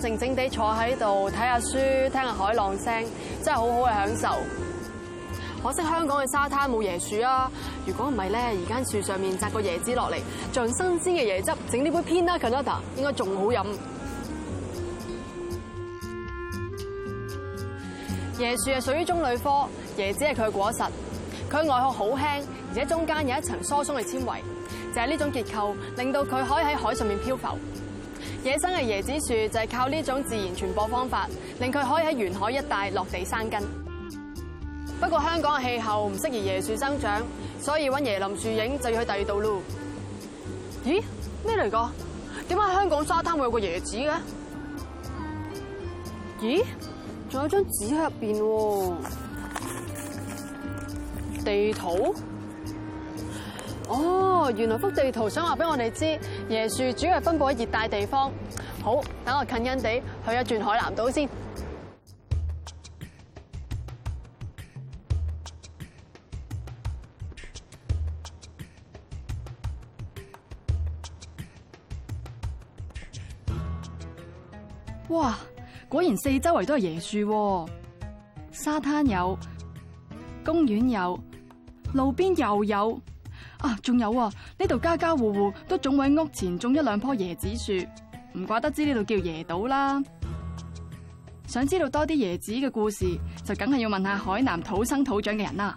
靜靜地坐喺度睇下書，聽下海浪聲，真係好好嘅享受。可惜香港嘅沙灘冇椰樹啊！如果唔係咧，而家樹上面摘個椰子落嚟，像新鮮嘅椰汁，整呢杯 Pina Colada 應該仲好飲。椰樹係屬於棕櫚科，椰子係佢嘅果實。佢外殼好輕，而且中間有一層疏鬆嘅纖維，就係呢種結構令到佢可以喺海上面漂浮。野生嘅椰子樹就係靠呢種自然傳播方法，令佢可以喺沿海一帶落地生根。不過香港嘅氣候唔適宜椰樹生長，所以搵椰林樹影就要去第二度囉。咦？咩嚟㗎？點解香港沙灘會有個椰子嘅？咦？仲有張紙喺入邊？地圖？哦，原來幅地圖想話俾我哋知。椰樹主要係分布喺熱帶地方。好，等我近近哋去一轉海南島先。哇，果然四周圍都係椰樹喎，沙灘有，公園有，路邊又有。啊，仲有啊！呢度家家戶戶都總喺屋前種一兩棵椰子樹，唔怪得知呢度叫椰島啦。想知道多啲椰子嘅故事，就梗係要問下海南土生土長嘅人啦。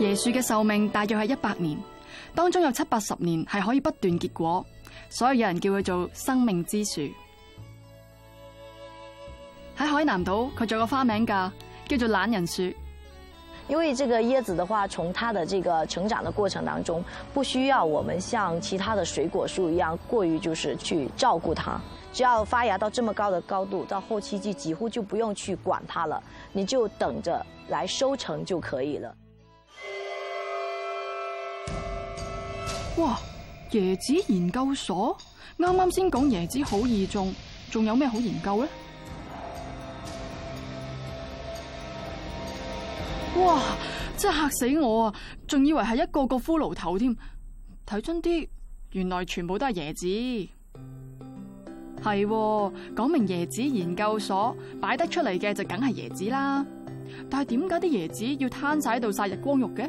椰樹嘅壽命大約係一百年，當中有七八十年係可以不斷結果，所以有人叫佢做生命之樹。喺海南島，佢仲有個花名噶，叫做懶人樹。因為這個椰子的話，從它的這個成長的過程當中，不需要我們像其他的水果樹一樣，過於就是去照顧它。只要發芽到這麼高的高度，到後期就幾乎就不用去管它了，你就等着來收成就可以了。哇！椰子研究所啱啱先講椰子好易種，仲有咩好研究咧？哇！真係嚇死我啊！仲以為係一個個骷髏頭添，睇真啲，原來全部都係椰子。係，講明椰子研究所擺得出嚟嘅就梗係椰子啦。但係點解啲椰子要攤晒喺度曬日光浴嘅？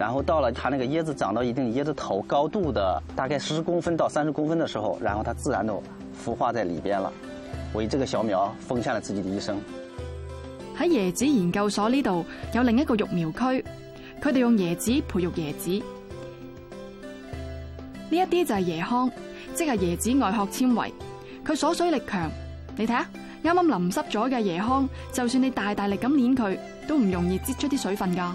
然後到了它那個椰子長到一定椰子頭高度的大概十公分到三十公分的時候，然後它自然都腐化在裏邊了，為這個小苗奉獻了自己的一生。喺椰子研究所呢度有另一個育苗區，佢哋用椰子培育椰，椰子。呢一啲就係椰糠，即係椰子外殼纖維，佢鎖水力強。你睇下，啱啱淋濕咗嘅椰糠，就算你大大力咁捏，佢，都唔容易擠出啲水分噶。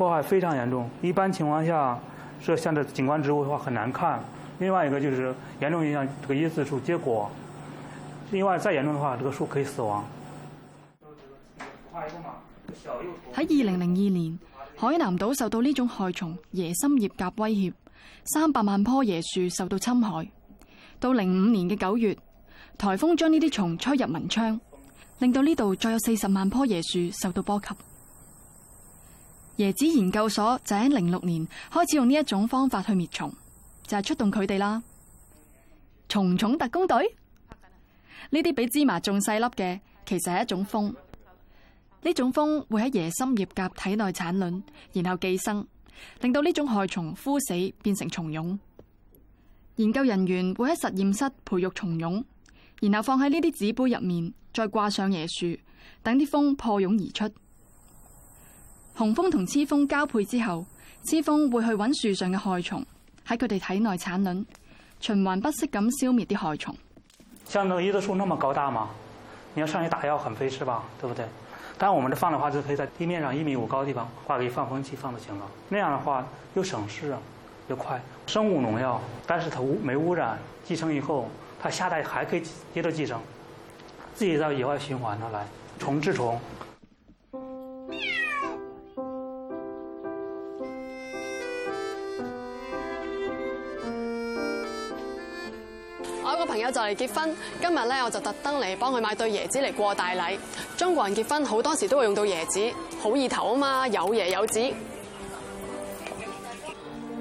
破壞非常嚴重。一般情況下，這像這景觀植物的話很難看。另外一個就是嚴重影響這個椰子樹結果。另外再嚴重的話，這個樹可以死亡。喺二零零二年，海南島受到呢種害蟲椰心葉甲威脅，三百萬棵椰樹受到侵害。到零五年嘅九月，颱風將呢啲蟲吹入文昌，令到呢度再有四十萬棵椰樹受到波及。椰子研究所就喺零六年開始用呢一種方法去滅蟲，就係出動佢哋啦。蟲蟲特工隊呢啲比芝麻仲細粒嘅，其實係一種蜂。呢種蜂會喺椰心葉甲體內產卵，然後寄生，令到呢種害蟲枯死，變成蟲蛹。研究人員會喺實驗室培育蟲蛹，然後放喺呢啲紙杯入面，再掛上椰樹，等啲蜂破蛹而出。雄蜂同雌蜂交配之後，雌蜂會去揾樹上嘅害蟲，喺佢哋體內產卵，循環不息咁消滅啲害蟲。像呢棵椰子樹那麼高大嘛，你要上去打藥很費事吧？對不對？但係我們放的話，就可以在地面上一米五高的地方掛個放蜂器放就行了。那樣的話又省事啊，又快。生物農藥，但是它冇沒污染，寄生以後，它下代還可以接着寄生，自己到野外循環咗來，蟲治蟲。我就嚟結婚，今日咧我就特登嚟幫佢買對椰子嚟過大禮。中國人結婚好多時都會用到椰子，好意頭啊嘛，有椰有子。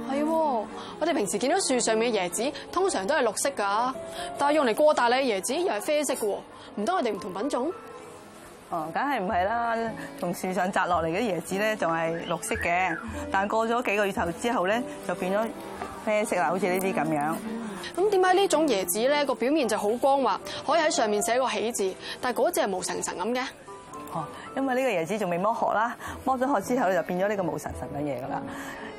係，我哋平時見到樹上面嘅椰子通常都係綠色噶，但係用嚟過大禮嘅椰子又係啡色嘅，唔通我哋唔同品種？哦，梗係唔係啦。從樹上摘落嚟嘅椰子咧，仲係綠色嘅。但過咗幾個月頭之後咧，就變咗啡色啦，好似呢啲咁樣。咁點解呢種椰子咧個表面就好光滑，可以喺上面寫個喜字，但嗰隻係毛神神咁嘅？哦，因為呢個椰子仲未剝殼啦，剝咗殼之後咧就變咗呢個毛神神嘅嘢噶啦。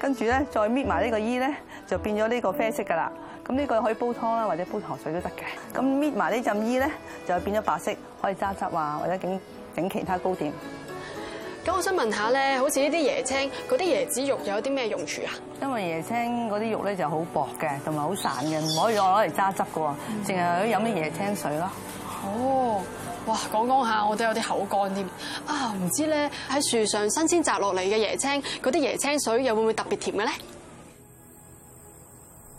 跟住咧再搣埋呢個衣咧，就變咗呢個啡色噶啦。咁呢個可以煲湯啦，或者煲糖水都得嘅。咁搣埋呢浸衣咧，就變咗白色，可以揸汁啊，或者整整其他糕點咁，我想問下咧，好似呢啲椰青嗰啲椰子肉有啲咩用處啊？因為椰青嗰啲肉咧就好薄嘅，同埋好散嘅，唔可以攞嚟揸汁㗎喎，淨係飲啲椰青水咯。嗯、哦，哇！講講下，我都有啲口乾添啊！唔知咧喺樹上新鮮摘落嚟嘅椰青嗰啲椰青水又會唔會特別甜嘅咧？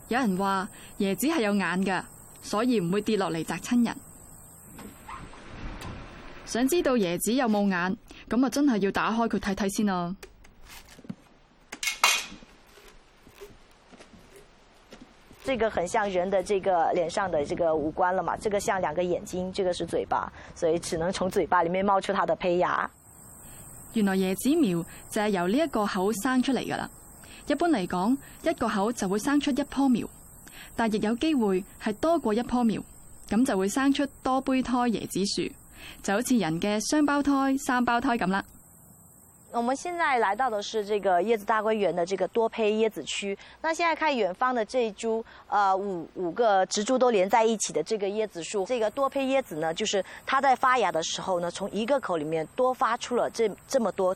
有人話椰子係有眼㗎，所以唔會跌落嚟摘親人。想知道椰子有冇眼咁啊？真係要打開佢睇睇先啦。這個很像人的這個臉上的這個五官了嘛？這個像兩個眼睛，這個是嘴巴，所以只能從嘴巴裏面冒出它的胚芽。原來椰子苗就係由呢一個口生出嚟噶啦。一般嚟講，一個口就會生出一棵苗，但亦有機會係多過一棵苗，咁就會生出多胚胎椰子樹。就好像人嘅雙胞胎、三胞胎咁啦。我們現在來到的是這個椰子大觀園嘅這個多胚椰子區。那現在看遠方嘅這一株，呃，五五個植株都連在一起嘅這個椰子樹。這個多胚椰子呢，就是它在發芽的時候呢，從一個口裏面多發出了這這麼多。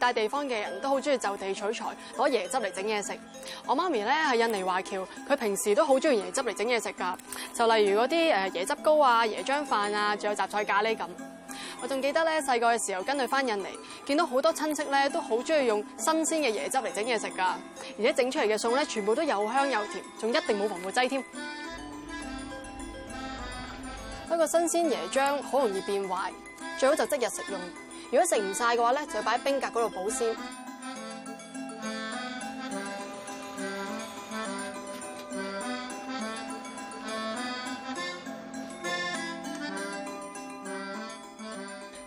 大地方嘅人都好中意就地取材攞椰汁嚟整嘢食。我媽咪咧係印尼華僑，佢平時都好中意椰汁嚟整嘢食㗎。就例如嗰啲誒椰汁糕啊、椰漿飯啊，仲有雜菜咖喱咁。我仲記得咧細個嘅時候跟佢翻印尼，見到好多親戚咧都好中意用新鮮嘅椰汁嚟整嘢食㗎，而且整出嚟嘅餸咧全部都有香有甜，仲一定冇防腐劑添。不過新鮮椰漿好容易變壞，最好就即日食用。如果食唔晒嘅話就擺喺冰格嗰度保鮮。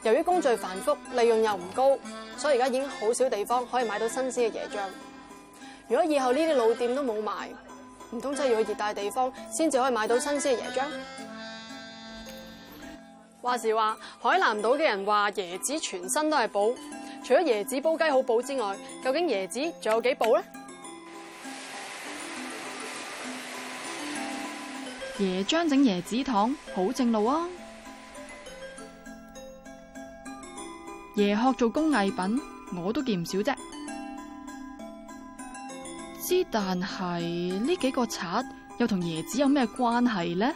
由於工序繁複，利潤又唔高，所以而家已經好少地方可以買到新鮮嘅椰漿。如果以後呢啲老店都冇賣，唔通真係要去熱帶地方先至可以買到新鮮嘅椰漿？話時話，海南島嘅人話椰子全身都係寶。除咗椰子煲雞好補之外，究竟椰子仲有幾補咧？椰漿整椰子糖好正路啊！椰殼做工藝品，我都見唔少啫。之但係呢幾個刷又同椰子有咩關係咧？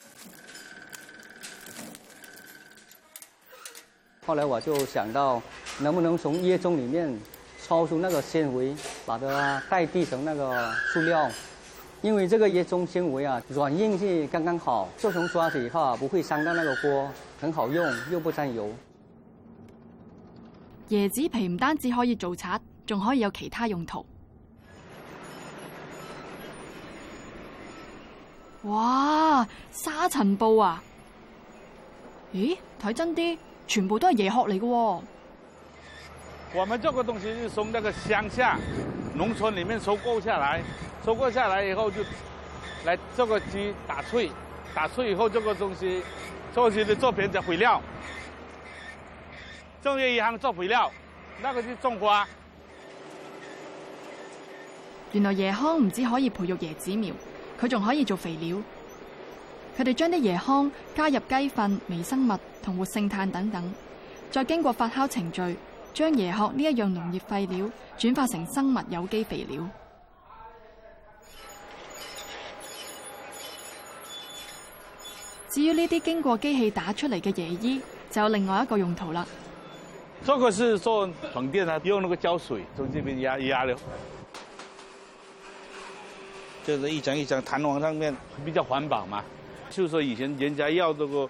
後來我就想到，能不能從椰棕裏面抽出那個纖維，把它代替成那個塑料？因為這個椰棕纖維啊，軟硬是剛剛好，做成刷子以後啊，不會傷到那個鍋，很好用，又不沾油。椰子皮唔單止可以做刷，仲可以有其他用途。哇，沙塵布啊？咦，睇真啲。全部都係椰殼嚟嘅。我們這個東西是從那個鄉下農村裡面收購下來，收購下來以後就來這個機打碎，打碎以後這個東西，做些的作品做肥料，種椰一行做肥料，那個是種果。原來椰糠唔止可以培育椰子苗，佢仲可以做肥料。佢哋將啲椰糠加入雞糞微生物。同活性炭等等，再經過發酵程序，將椰殼呢一樣農業廢料轉化成生物有機肥料。至於呢啲經過機器打出嚟嘅椰衣，就有另外一個用途啦。這個是做床墊啊，用那個膠水從這邊壓壓了，就是一張一張彈簧上面，比較環保嘛。就是說以前人家要這個。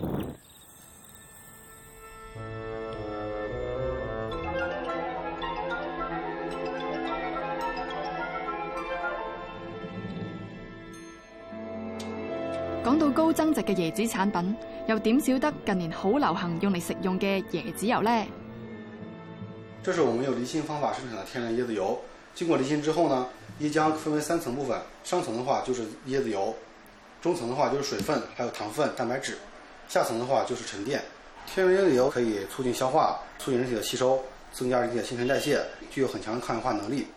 增值嘅椰子產品，又點少得近年好流行用嚟食用嘅椰子油呢？這是我們用離心方法生產的天然椰子油，經過離心之後呢，椰漿分為三層部分，上層的話就是椰子油，中層的話就是水分，還有糖分、蛋白質，下層的話就是沉澱。天然椰子油可以促進消化，促進人體的吸收，增加人體的新陳代謝，具有很強的抗氧化能力。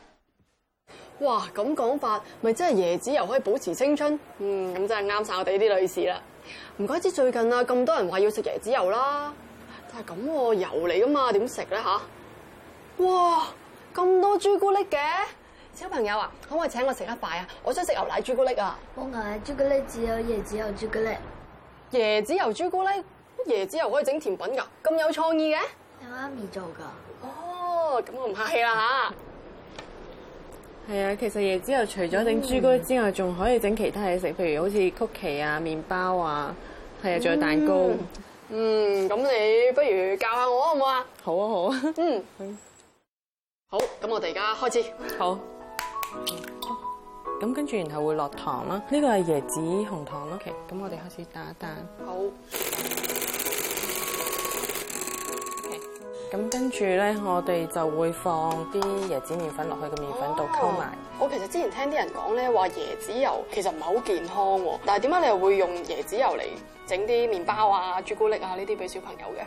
哇，咁講法咪真係椰子油可以保持青春，嗯，咁真係啱晒我哋啲女士啦。唔怪之最近啊，咁多人話要食椰子油啦、啊。但係咁油嚟噶嘛，點食咧吓？哇，咁多朱古力嘅小朋友啊，可唔可以請我食一塊啊？我想食牛奶朱古力啊力。冇牛奶朱古力，只有椰子油朱古力。椰子油朱古力，椰子油可以整甜品噶，咁有創意嘅。你媽咪做噶？哦，咁我唔客氣啦吓。嗯。係啊，其實椰子油除咗整朱古力之外，仲可以整其他嘢食，譬如好似曲奇啊、麵包啊，係啊，仲有蛋糕。嗯，咁你不如教下我好唔好啊？好啊，好啊。嗯，好，咁我哋而家開始。好。咁跟住，然後會落糖啦。呢個係椰子紅糖咯，OK。咁我哋開始打蛋。好。咁跟住咧，我哋就會放啲椰子麵粉落去個麵粉度溝埋。我其實之前聽啲人講咧，話椰子油其實唔係好健康喎。但係點解你又會用椰子油嚟整啲麵包啊、朱古力啊呢啲俾小朋友嘅？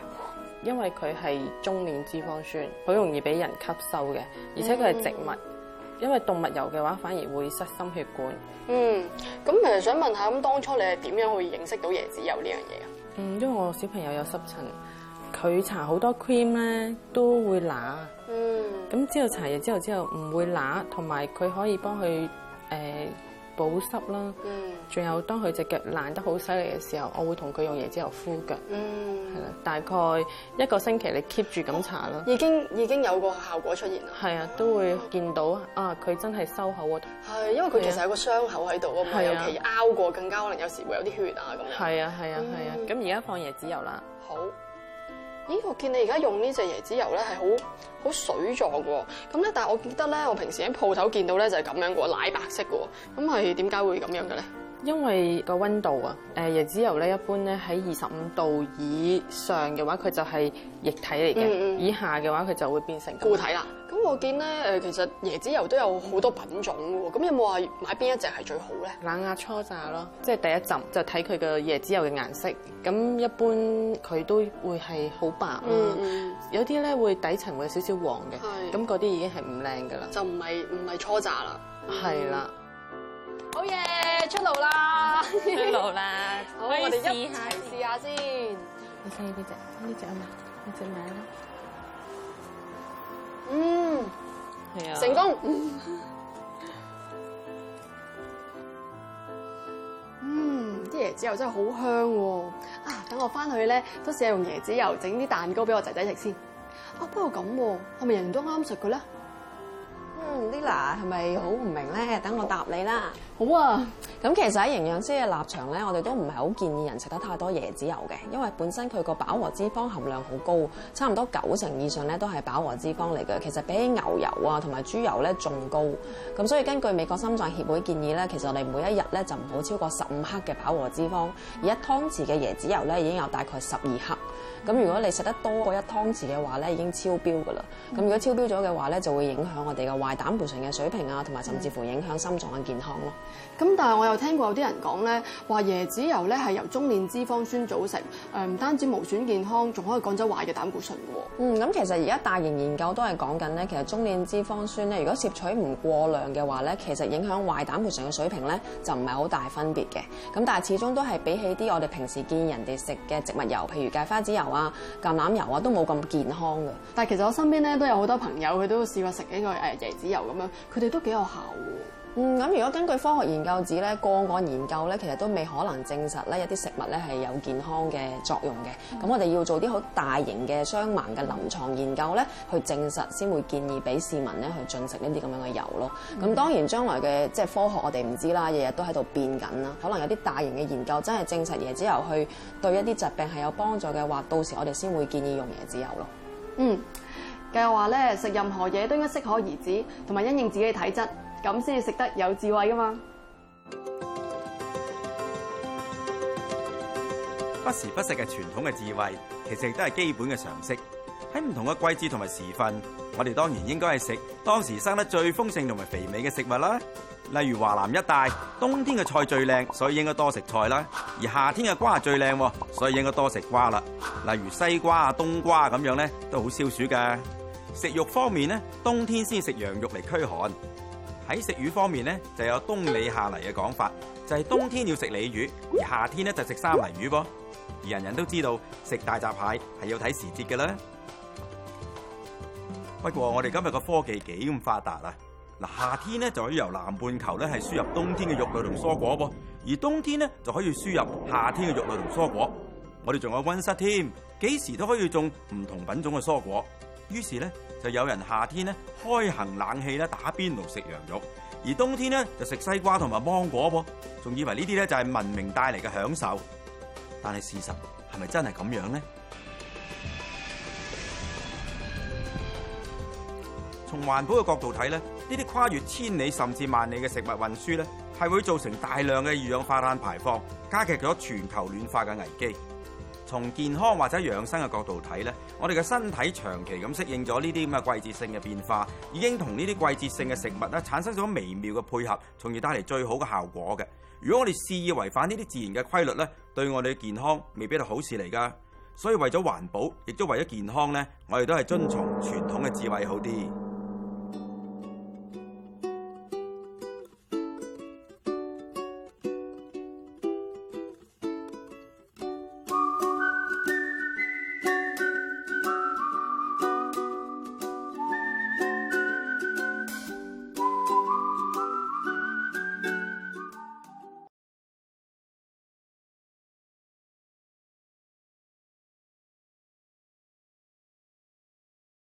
因為佢係中鏈脂肪酸，好容易俾人吸收嘅，而且佢係植物、嗯，因為動物油嘅話反而會失心血管。嗯，咁其實想問下，咁當初你係點樣去認識到椰子油呢樣嘢啊？嗯，因為我小朋友有濕疹。佢搽好多 cream 咧，都會乸。嗯。咁之後搽完之後之後唔會乸，同埋佢可以幫佢誒保濕啦。嗯。仲有當佢隻腳爛得好犀利嘅時候，我會同佢用椰子油敷腳。嗯。係啦，大概一個星期你 keep 住咁搽咯。已經已經有個效果出現啦。係啊，都會見到啊！佢真係收口喎。係，因為佢其實有個傷口喺度啊嘛，尤其拗過，更加可能有時會有啲血啊咁樣。係啊係啊係啊！咁而家放椰子油啦。好。咦，我見你而家用呢隻椰子油咧，係好好水狀喎。咁咧，但係我記得咧，我平時喺鋪頭見到咧就係咁樣嘅，奶白色嘅。咁係點解會咁樣嘅咧？因為個溫度啊，誒椰子油咧一般咧喺二十五度以上嘅話，佢就係液體嚟嘅；以下嘅話，佢就會變成固體啦。咁我見咧，誒其實椰子油都有好多品種喎。咁有冇話買邊一隻係最好咧？冷壓初榨咯，即係第一浸就睇佢嘅椰子油嘅顏色。咁一般佢都會係好白，有啲咧會底層會有少少黃嘅。咁嗰啲已經係唔靚㗎啦，就唔係唔係初榨啦。係啦，好嘢，出爐啦，出爐啦。 好，我哋一下試一下先。你睇呢隻，呢隻吖嘛？咩？啲嘢咩？係啊，成功。嗯，啲椰子油真係好香喎、啊。啊，等我返去咧都試下用椰子油整啲蛋糕俾我仔仔食先。啊，不過咁、啊，係咪人人都啱食佢咧？嗯，Lila 係咪好唔明咧？等我答你啦。好啊！咁其實喺營養師嘅立場咧，我哋都唔係好建議人食得太多椰子油嘅，因為本身佢個飽和脂肪含量好高，差唔多九成以上咧都係飽和脂肪嚟嘅。其實比起牛油啊同埋豬油咧仲高，咁所以根據美國心臟協會建議咧，其實我哋每一日咧就唔好超過十五克嘅飽和脂肪，而一湯匙嘅椰子油咧已經有大概十二克。咁如果你食得多過一湯匙嘅話咧，已經超標㗎啦。咁如果超標咗嘅話咧，就會影響我哋嘅壞膽固醇嘅水平啊，同埋甚至乎影響心臟嘅健康咯。咁但係我又聽過有啲人講咧，話椰子油咧係由中鏈脂肪酸組成，誒唔單止無損健康，仲可以降咗壞嘅膽固醇。嗯，咁其實而家大型研究都係講緊咧，其實中鏈脂肪酸咧如果攝取唔過量嘅話咧，其實影響壞膽固醇嘅水平咧就唔係好大分別嘅。咁但係始終都係比起啲我哋平時見人哋食嘅植物油，譬如芥花籽油啊、橄欖油啊，都冇咁健康嘅。但係其實我身邊咧都有好多朋友，佢都試過食呢個誒椰子油咁樣，佢哋都幾有效喎。嗯，咁如果根據科學研究指咧，個案研究咧，其實都未可能證實咧一啲食物咧係有健康嘅作用嘅。咁、嗯、我哋要做啲好大型嘅雙盲嘅臨床研究咧，去證實先會建議俾市民咧去進食一啲咁樣嘅油咯。咁、嗯、當然將來嘅即係科學我們不，我哋唔知啦，日日都喺度變緊啦。可能有啲大型嘅研究真係證實椰子油去對一啲疾病係有幫助嘅話，到時我哋先會建議用椰子油咯。嗯，即係話咧，食任何嘢都應該適可而止，同埋因應自己嘅體質。咁先至食得有智慧㗎嘛？不時不食嘅傳統嘅智慧，其實亦都係基本嘅常識。喺唔同嘅季節同埋時分，我哋當然應該係食當時生得最豐盛同埋肥美嘅食物啦。例如華南一帶冬天嘅菜最靚，所以應該多食菜啦。而夏天嘅瓜最靚，所以應該多食瓜啦。例如西瓜啊、冬瓜咁樣咧，都好消暑㗎。食肉方面呢，冬天先食羊肉嚟驅寒。喺食魚方面咧，就有冬鯉夏泥嘅講法，就係、是、冬天要食鯉魚，而夏天咧就食三文魚噃。而人人都知道食大閘蟹係要睇時節嘅啦。不過我哋今日個科技幾咁發達啊！嗱，夏天咧就可以由南半球咧，係輸入冬天嘅肉類同蔬果噃，而冬天咧就可以輸入夏天嘅肉類同蔬果。我哋仲有溫室添，幾時都可以種唔同品種嘅蔬果。於是咧，就有人夏天咧開行冷氣打邊爐食羊肉；而冬天咧就食西瓜同埋芒果噃，仲以為呢啲咧就係文明帶嚟嘅享受。但係事實係咪真係咁樣咧？從環保嘅角度睇咧，呢啲跨越千里甚至萬里嘅食物運輸咧，係會造成大量嘅二氧化碳排放，加劇咗全球暖化嘅危機。從健康或者養生嘅角度睇咧，我哋嘅身體長期咁適應咗呢啲咁嘅季節性嘅變化，已經同呢啲季節性嘅食物咧產生咗微妙嘅配合，從而帶嚟最好嘅效果嘅。如果我哋肆意違反呢啲自然嘅規律咧，對我哋嘅健康未必係好事嚟噶。所以為咗環保，亦都為咗健康咧，我哋都係遵從傳統嘅智慧好啲。